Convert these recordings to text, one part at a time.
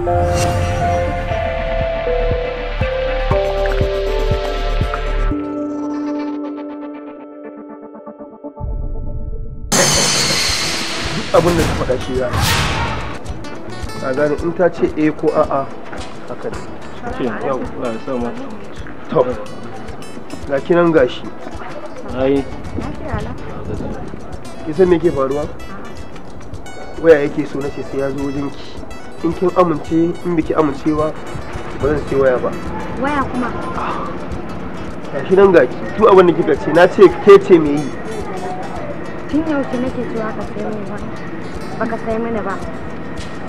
abin da ta faɗa shi ya a gani in ta ce A eh ko a'a haka ne yau na sa mata to ga kinan gashi ai ki san me ke faruwa waya yake so ce sai ya zo wajen ki in kin amince in biki amincewa ba zan ce waya ba waya kuma ah, shi nan gaki tu abin da kika ce na ce ke ce me yi tun yaushe nake cewa ka sai mai ba baka sai mana ba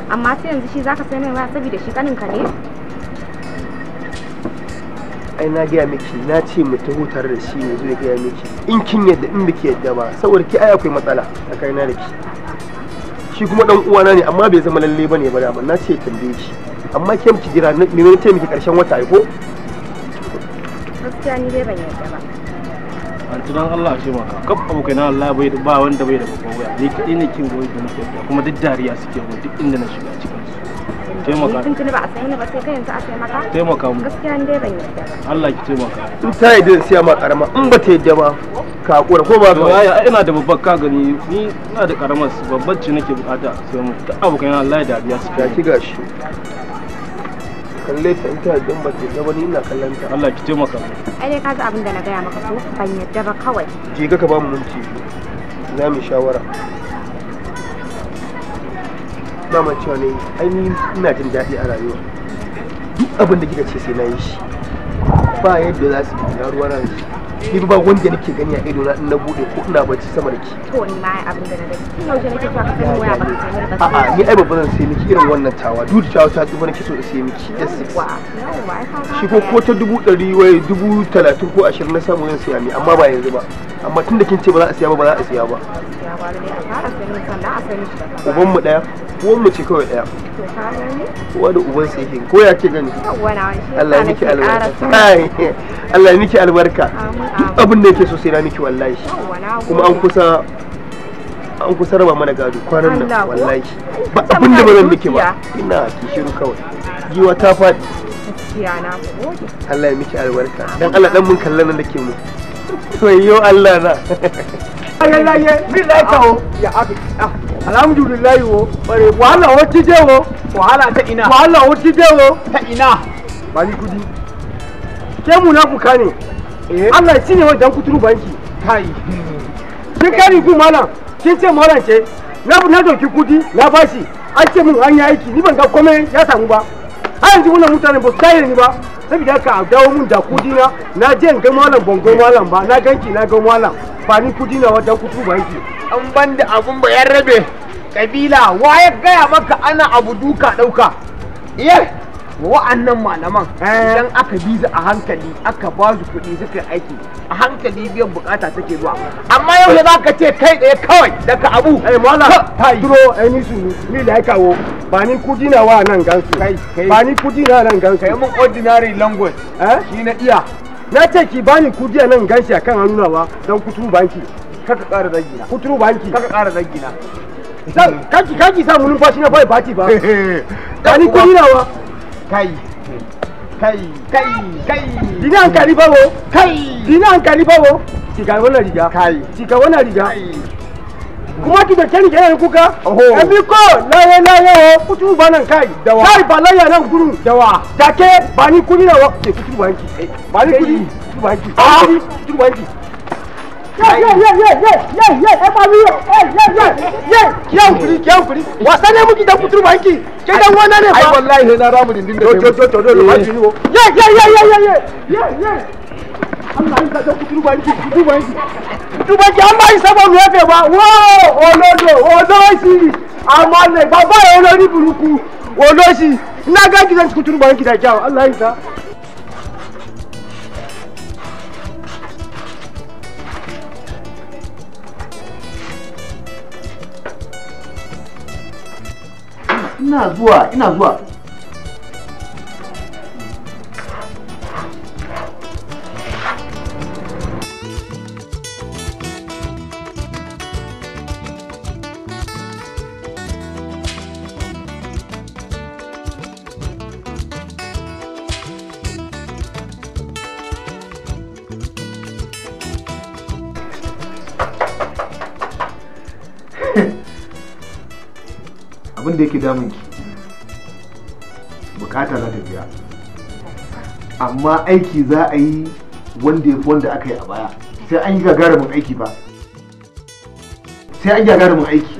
amma sai yanzu shi zaka sai mai ba saboda shi kanin ka ne ai na gaya miki na ce mu ta hutar da shi ne zai gaya miki in kin yadda in biki yadda ba saboda ki ai akwai matsala na da ki shi kuma dan uwana ne amma bai zama lalle bane ba dama na ce tambaye shi amma ke miki jira ne ne ce miki karshen wata ai ko gaskiya ni dai ban yarda ba an tunan Allah ce maka kaf abokai na Allah bai ba wanda bai da babban waya ni kadai ne kin goyi da nake kuma duk dariya suke goyi duk inda na shiga cikin taimaka tun tuni ba a sayi ba sai kai yanzu a taimaka taimaka mu gaskiya dai ban yarda Allah ki taimaka in ta yarda sai ma karama in ba ta yarda ba ka hakura ko ba ka yaya ina da babbar ka gani ni ina da karamar babbar ce nake bukata sai mu ta abokan Allah ya dariya su ga ki gashi kalle ta ita idan ba ta yarda ba ni ina kallon ta Allah ki taimaka ai dai kaga abin da na gaya maka ko ban yarda ba kawai je ka ka ba mu minti za mu shawara dama cewa ne ainihin ina jin daɗi a rayuwa duk abin da kika ce sai na yi shi ba yadda za su yi ruwa na ni ba wanda nake gani a ido na na bude ko ina bacci sama da ki to ni ma abin da na gani kin yaushe nake cewa ka sani waya ba ka sani ba a'a ni ai ba zan sai miki irin wannan tawa duk tawa ta tsufa nake so da sai miki yes wa shi ko ko ta dubu ɗari wai dubu talatin ko ashirin na samu zan siya mi amma ba yanzu ba amma tun da kin ce ba za a siya ba ba za a siya ba uban mu ɗaya uwan mu ce kawai ɗaya. Kowa da uban sai hin ko ya ke gani Allah ya miki albarka Allah ya miki albarka duk abin da yake so sai na miki wallahi kuma an kusa an kusa raba mana gado kwanan nan wallahi ba abin da ba miki ba ina kishiru kawai giwa ta faɗi Allah ya miki albarka dan Allah dan mun kallon nan da ke mu to yo Allah na Allah ya bi na ya abi ah. alhamdulillahi wo bare wahala wacce je wo wahala ta ina wahala wacce je wo ta ina ba ni kudi ke ne eh? Allah shi ne wajen kuturu banki kai kin kari ku malam kin ce mallam ce na na doki kudi na bashi an ce mun an yi ni ban ga komai ya samu ba har yanzu wannan mutane ba su tare ni ba saboda ka dawo mun da kudi na je in ga mallam bongo mallam ba na ganki na ga mallam ba ni na wajen kuturu banki an ban da ba yan rabe kabila wa ya gaya maka ana abu duka ɗauka iya wa'annan malaman idan aka bi su a hankali aka ba su kuɗi suka yi aiki a hankali biyan bukata take zuwa amma yau da zaka ce kai ɗaya kawai daga abu ai mala kai duro ai ni su ni da ya kawo ba ni kudi na wa nan gansu ba ni kudi na nan gansu kai mun ordinary language eh shi na iya na ce ki bani kudi a nan ganshi akan hannunawa don kutu banki kaka ƙara zagi na kuturu banki kaka ƙara zagi na kaki kaki sa mun fashi na bai fati ba kani ko hirawa kai kai kai kai dina hankali bawo kai dina hankali bawo cika wannan riga kai cika wannan riga kuma ki da kyan kyan kuka ebi ko laye laye o kutu ba nan kai dawa kai ba laye nan guru dawa take ba ni kuri na wa ke kutu ba ki ba ni kuri kutu ba ki kutu ba ki ah! wasa ne ba wallahi na ramu da ye ye ye ye ye ye Allah in ka na ga gidan da n a z u a ina z u a Yeah. abin da yake damun ki bukata za ta biya amma aiki za a yi wanda ya fi wanda aka yi a baya sai an yi gagarumin aiki ba sai an gagarumin aiki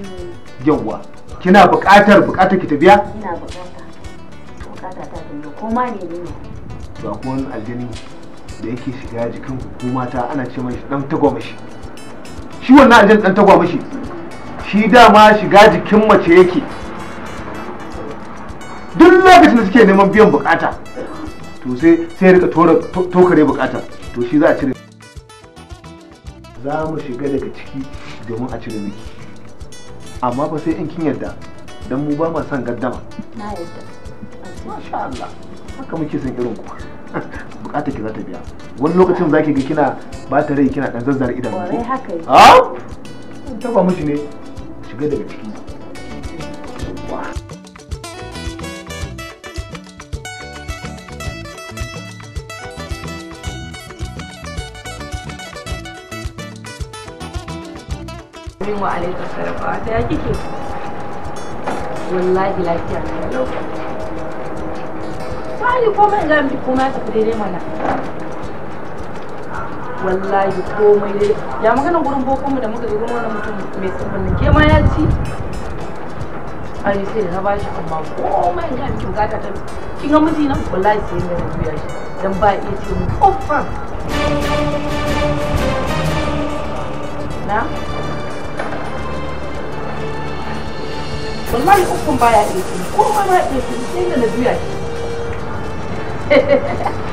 yawwa kina bukatar bukatar ki ta biya ina bukata bukata ta biya ko ma ne ne ba aljani da yake shiga jikin hukuma ta ana ce mai dan tagwamashi shi wannan aljani dan tagwamashi shi dama shiga jikin mace yake da suke neman biyan bukata to sai sai ya rika tokare bukata to shi za a cire za mu shiga daga ciki domin a cire miki amma fa sai in kin yarda dan mu ba ma son gaddama na yarda masha Allah haka muke san irin ku bukatar ki za ta biya wani lokacin za ki ga kina ba ta rai kina dan zazzara idan ko haka ah taba mishi ne shiga daga ciki alaihi wa alaikum salam ta ya kike wallahi lafiya na yau sai komai ga miki komai ta fi daidai mana wallahi komai dai ya magana gurin bokonmu da muka gurin wani mutum mai tsibirin ke ma ya ci a yi sai na ba shi amma komai ga miki bukata ta kin ga miji na wallahi sai ne na juya shi dan ba iya ce mu kofan na wallahi ukun baya iya ko ma na iya sai da na juya shi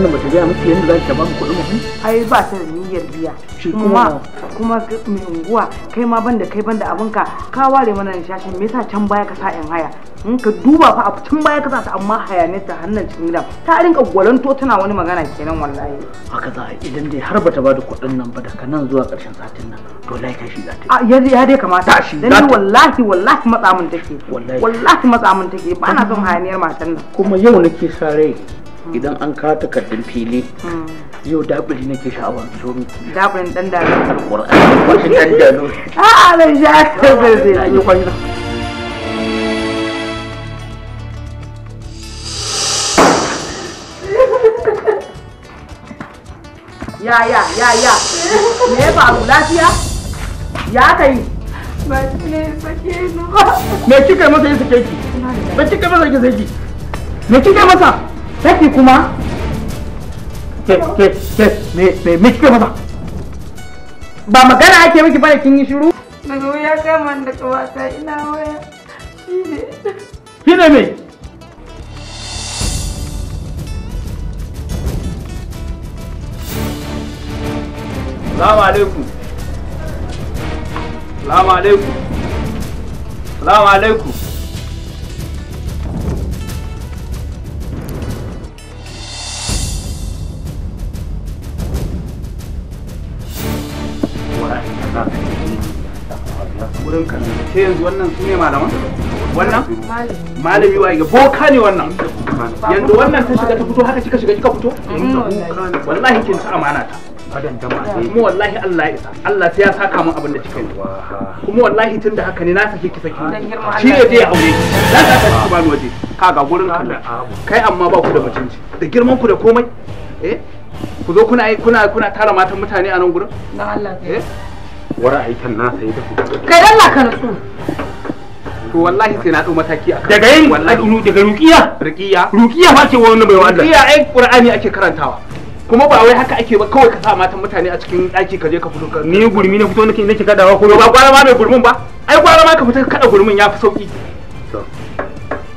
matan ba ta gaya miki yadda za ta ba mu kuɗin mafi? ai ba ta da niyyar biya kuma kuma mai unguwa kai ma banda kai banda abinka ka ware mana shashin me yasa can baya ka sa in haya in ka duba fa a can baya ka sa ta amma hayaniyar ta hannun cikin gida ta rinka gwalanto tana wani magana kenan wallahi haka za a idan dai har ba ta ba da kuɗin nan ba daga nan zuwa ƙarshen satin nan to lai shi za ta yi ya dai kamata shi yi. wallahi wallahi matsa mun take wallahi matsa mun take ba na son hayaniyar matan nan kuma yau nake sa rai idan an ka takardun fili hmm. yau dabiri nake sha'awar zo mi dabirin dan dalo alƙur'ani wasu dan dalo a'a zan sha ta zai yi ya ya ya ya me ya faru lafiya ya kai ba ne sake ni ba me kika masa ya sake ki ba kika masa ki sake me kika masa saki kuma ke ke ke me me me kike maza ba magana ake miki bane kin yi shiru daga wuya kama da kawata ina waya shine me Salamu alaikum. Salamu alaikum. Salamu alaikum. sai yanzu wannan su ne malaman wannan malami wa ga boka ne wannan yanzu wannan ta shiga ta fito haka kika shiga kika fito mm, wallahi kin ci amana ta kuma wallahi Allah ya isa Allah sai ya saka min abin da kika yi kuma wallahi tun da haka ne na sake ki saki shi ne zai aure za ka saki ba waje ka ga gurin kallon kai amma ba ku da mutunci da girman ku da komai eh ku zo kuna kuna kuna tara matan mutane a nan gurin na Allah eh wara aikin nasa ya tafi kai Allah ka nutsu to wallahi sai na dau mataki kan. daga yin daga ruqiya ruqiya ruqiya ba ce wannan bai Allah ruqiya ai qur'ani ake karantawa kuma ba wai haka ake ba kawai ka sa matan mutane a cikin ɗaki ka je ka fito ka ni gurmi na fito nake nake kadawa ko ba gwara ma mai gurmin ba ai gwara ma ka fita kada gurmin ya fi sauki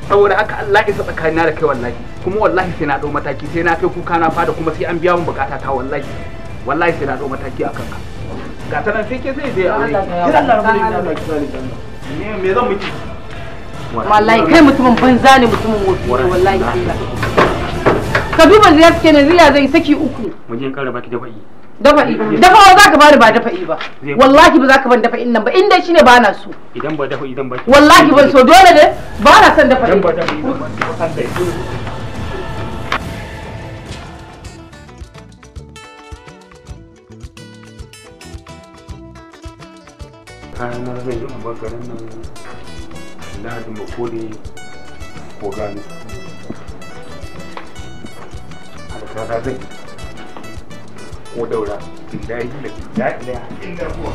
saboda haka Allah isa tsakanin da kai wallahi kuma wallahi sai na dau mataki sai na kai kuka na fada kuma sai an biya min bukata ta wallahi wallahi sai na dau mataki akan ka ga ta ke zai zai aure kira Allah rabu da Allah kira ne me zan miki wallahi kai mutumin banza ne mutumin wofi wallahi Allah ka duba ziyar ke ne ziya zai saki uku mu je kara baki da fa'i dafa'i dafawa za ka bani ba dafa'i ba wallahi ba za ka ban dafa'in nan ba inda shine ba na so idan ba dafa'i idan ba wallahi ban so dole ne ba na son dafa'i idan ba dafa'i ba kayana yi amma nan lahadin makoli ko gani alkada zai ko daura da yi da inda kuwa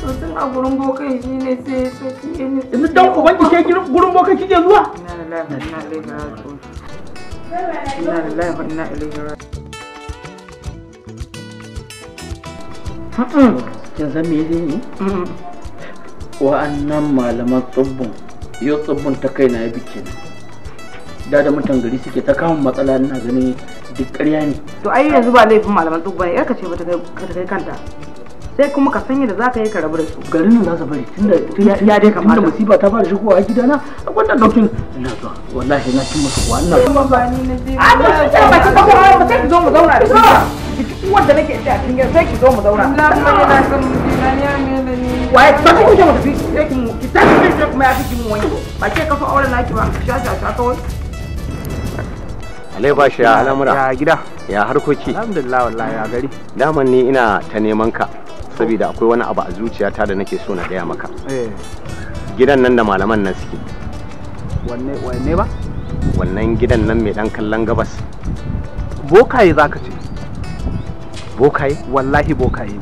sosai a gurin bokai shi ne sai ya saki ni yanzu dan ki ke gurin bokai kike zuwa ina da lafiya ina da lafiya ina da lafiya ina na lafiya kin san me zai wa'annan malaman yau tsibbin ta kai na ya bike da da mutan gari suke ta kama matsala na ganin duk ƙarya ne to ai yanzu ba laifin malaman tsibbin ya kace ba ta kai kanta sai kuma ka sanya da za ka yi ka rabu da su garin nan za su bari tunda ya dai kamata tunda musiba ta fara shigowa a gidana a wannan dokin ina zuwa wallahi na cin musu wannan ba ni na je a ba ki ta ba ki zo mu zauna da su wanda nake ci a cikin gidan sai ki zo mu zauna Allah ba yana son mutina ya mele ni waye ba ki kuje mu tafi sai ki mu ki tafi ki kuma ya fi mu wani ba ke kafa auren naki ba ki sha sha kawai Alai bashi ya al'amura. Ya gida. Ya harkoki. Alhamdulillah wallahi ya gari. Daman ni ina ta neman ka saboda akwai wani abu a zuciyata da nake so na gaya maka. Eh. Gidan nan da malaman nan suke. Wanne wanne ba? Wannan gidan nan mai dan kallon gabas. Bokaye ka ce. bokaye wallahi bokaye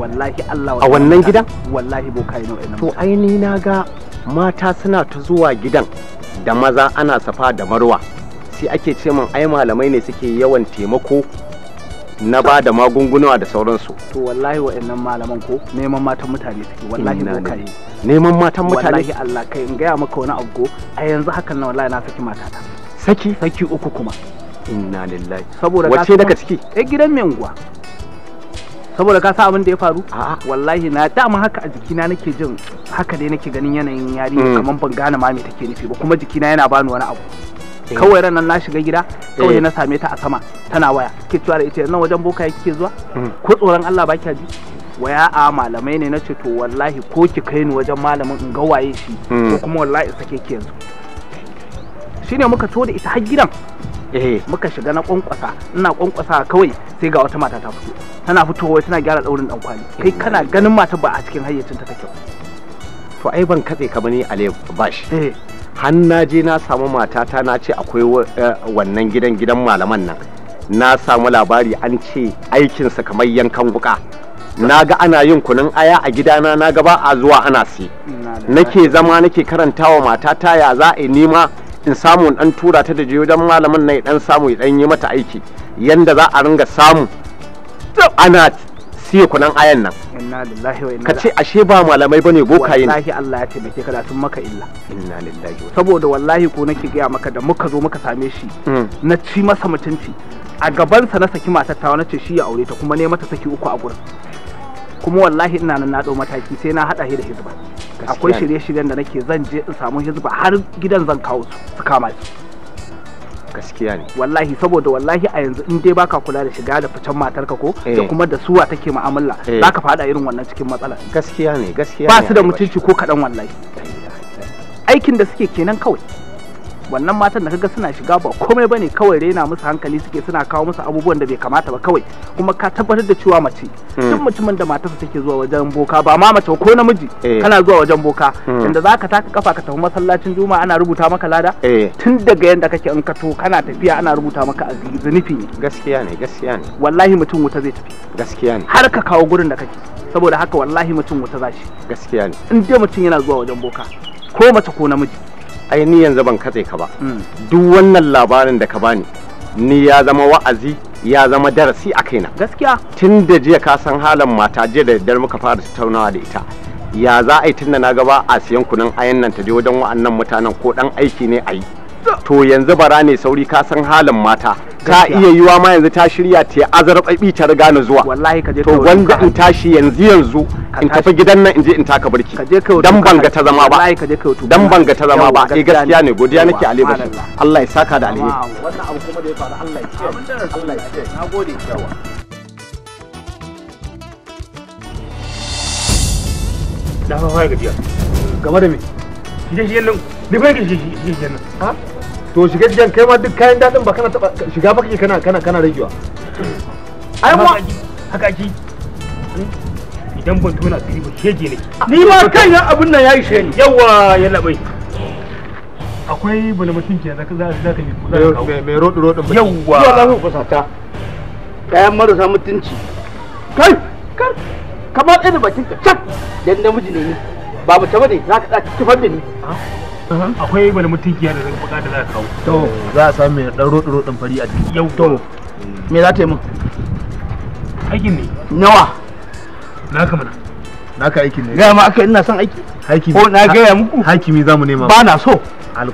wallahi Allah a wannan gidan wallahi bokaye ne to aini na ga mata suna ta zuwa gidan da maza ana safa da marwa sai ake ce min ai malamai ne suke yawan taimako na ba da magunguna da sauransu to wallahi wa'annan malaman ko neman matan mutane suke wallahi bokaye neman matan mutane wallahi Allah kai in gaya maka wani abu a yanzu hakan na wallahi na saki matata saki saki uku kuma inna lillahi saboda wace daga ciki eh gidan mai saboda ka sa abin da ya faru wallahi na dama haka a jikina nake jin haka dai nake ganin yanayin yari. Hmm. kamar ban gane ma me take nufi ba kuma jikina yana bani wani abu eh. kawai ran na shiga gida kawai eh. na same ta a sama tana waya ke cewa da ita nan wajen boka kike zuwa hmm. ko tsoron Allah ba ji waya a malamai ne na ce to wallahi ko ki kai ni wajen malamin in ga waye shi ko hmm. kuma wallahi sake ki yanzu shine muka so da ita har gidan eh muka shiga na kwankwasa ina kwankwasa kawai sai ga wata mata ta fito tana fitowa tana gyara daurin dan kwali kai kana ganin mata ba a cikin hayyacin ta kake to ai ban katse ka bane ale bashi eh har na je na samu matata na ce akwai eh, wannan gidan gidan malaman nan na samu labari an ce sa kamar yankan wuka na ga ana yin kunun aya a gidana na ga ba a zuwa ana si nake zama nake karantawa matata ya za a nema in samu dan tura ta da wajen malamin nan dan samu ya dan yi mata aiki yanda za a ringa samu ana siya kunan ayan nan inna lillahi ashe ba malamai bane bokaye ne wallahi Allah ya taimake ka da sun maka illa inna lillahi saboda wallahi ko nake gaya maka da muka zo muka same shi hmm. na ci masa mutunci a gabansa na saki matar tawa na ce shi ya aure ta kuma ne mata saki uku a gurin kuma wallahi ina nan na ɗau mataki sai na haɗa shi da hizba akwai shirye-shiryen da nake zan je in samu hizba har gidan zan kawo su su kama su gaskiya ne wallahi saboda wallahi a yanzu in dai baka kula da shiga da ficen ka ko da eh. kuma da suwa take mu'amala eh. zaka fada irin wannan cikin matsala gaskiya ne gaskiya ne. ba su da mutunci ko kaɗan wallahi aikin da suke kenan kawai wannan matan da kaga suna shiga ba komai bane kawai raina musu hankali suke suna kawo musu abubuwan da bai kamata ba kawai kuma ka tabbatar da cewa mace hmm. duk mutumin da matarsa take zuwa wajen boka ba ma mace ko namiji eh. kana zuwa wajen boka hmm. inda zaka taka kafa ka tafi masallacin juma'a ana rubuta maka lada eh. tun daga yanda kake in ka to kana tafiya ana rubuta maka zunufi ne gaskiya ne gaskiya ne wallahi mutum wuta zai tafi gaskiya ne har ka kawo gurin da kake saboda haka wallahi mutum wuta zashi gaskiya ne in dai mutum yana zuwa wajen boka ko mace ko namiji aini ni yanzu ban katse ka ba duk wannan labarin da ka bani ni ya zama wa'azi ya zama darasi a kaina gaskiya tun da jiya ka san halin mata jiya da daddare muka fara tattaunawa da ita ya za a yi tun da na gaba a siyan kunun ayan nan ta je wajen wa'annan mutanen ko dan aiki ne a yi to yanzu bara ne sauri ka san halin mata ta iya yiwa ma yanzu ta shirya ta azarbabi ta riga na zuwa to wanda in tashi yanzu yanzu in tafi gidan nan in je in taka birki dan banga ta zama ba wallahi ban ga dan banga ta zama ba a eh, gaskiya ne godiya nake a lebashi Allah ya saka da alheri wannan fara da da fa fa gajiya game da me shi shi yallin da fa gajiya shi shi nan ha to shiga jan kai ma duk kayan dadin ba kana taba shiga baki kake kana kana kana ragewa ai mu haka ki idan ban tona fili ba shege ne ni ma kan ya abun nan yayi shege yawa ya labai akwai mutun ke za ka za ka yi ku ka kawo mai rodi rodin ba yawa zuwa za ku fasata kayan marasa mutunci kai kar kamar ɗaya da bakin ka chak dan namiji ne ni ba mu ta bane za ka ɗaki kifar da ni ah. akwai bala mutunkiya da zan buƙata za ka kawo to za a samu mai dan rodo rodin fari a ciki yau to me za ta yi min aikin ne nawa naka mana naka aikin ne ga ma aka ina son aiki ko na gaya muku hakimi za mu nema ba na so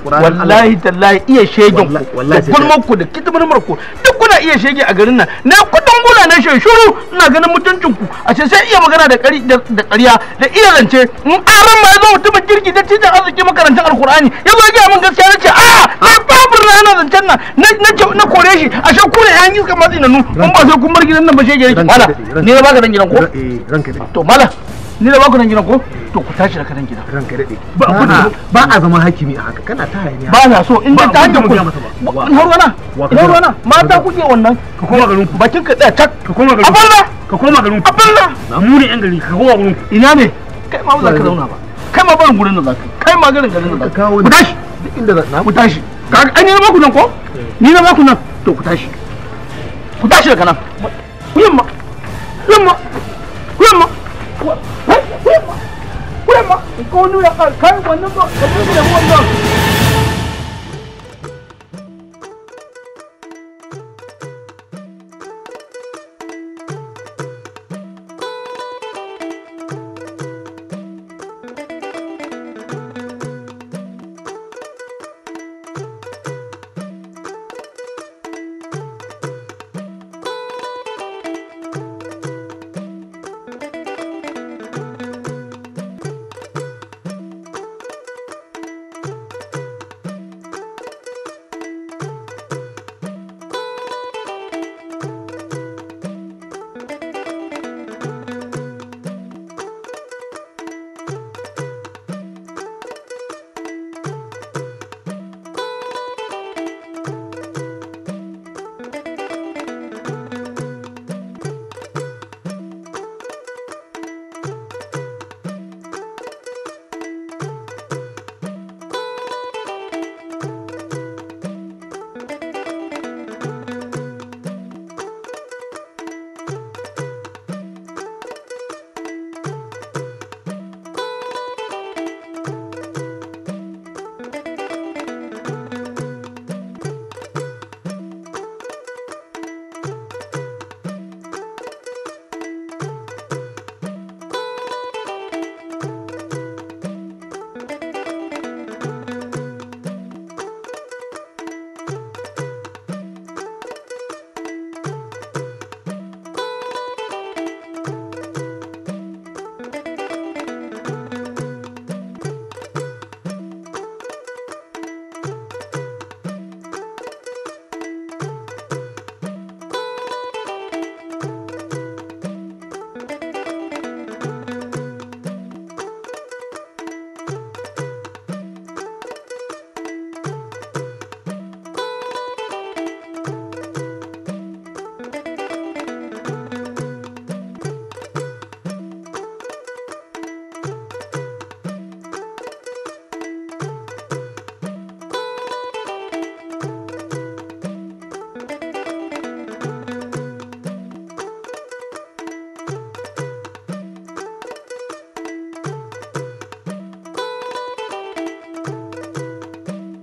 wallahi tallahi iya shegen ku da gulmar ku da kitmarmar ku duk kuna iya shege a garin nan na kudin gula na shuru ina ganin mutuncin ku a ce sai iya magana da ƙari da ƙarya da iya zance in aran ma zo mutumin kirki da tijan arziki makarantar alkur'ani ya zo ya min gaskiya nace a na ah. babur na ana zancen nan na kore shi a shan kure yan yi kamar tsinanu kun ba sai kun bar gidan nan ba shege yake mala ni na baka dan gidan ko eh, to mala ni na baka dan gidan ko to ku tashi da ran gida ranka dade ba a ba a zama hakimi a haka kana ta hayaniya ba na so in ta ina ruwana ina ruwana mata kuke wannan ka koma garin ku bakin ka tsaya tak ka koma garin ku aballa ka koma garin ku aballa mu ne yan gari ka koma garin ku ina ne kai ma ba za ka zauna ba kai ma barin gurin nan za ka kai ma garin garin nan za ka ku tashi duk inda za ku tashi ka ba ku nan ko eh. ni na ba ku nan to ku tashi ku tashi daga nan yamma yamma yamma yamma ¿Y cómo no voy a cuando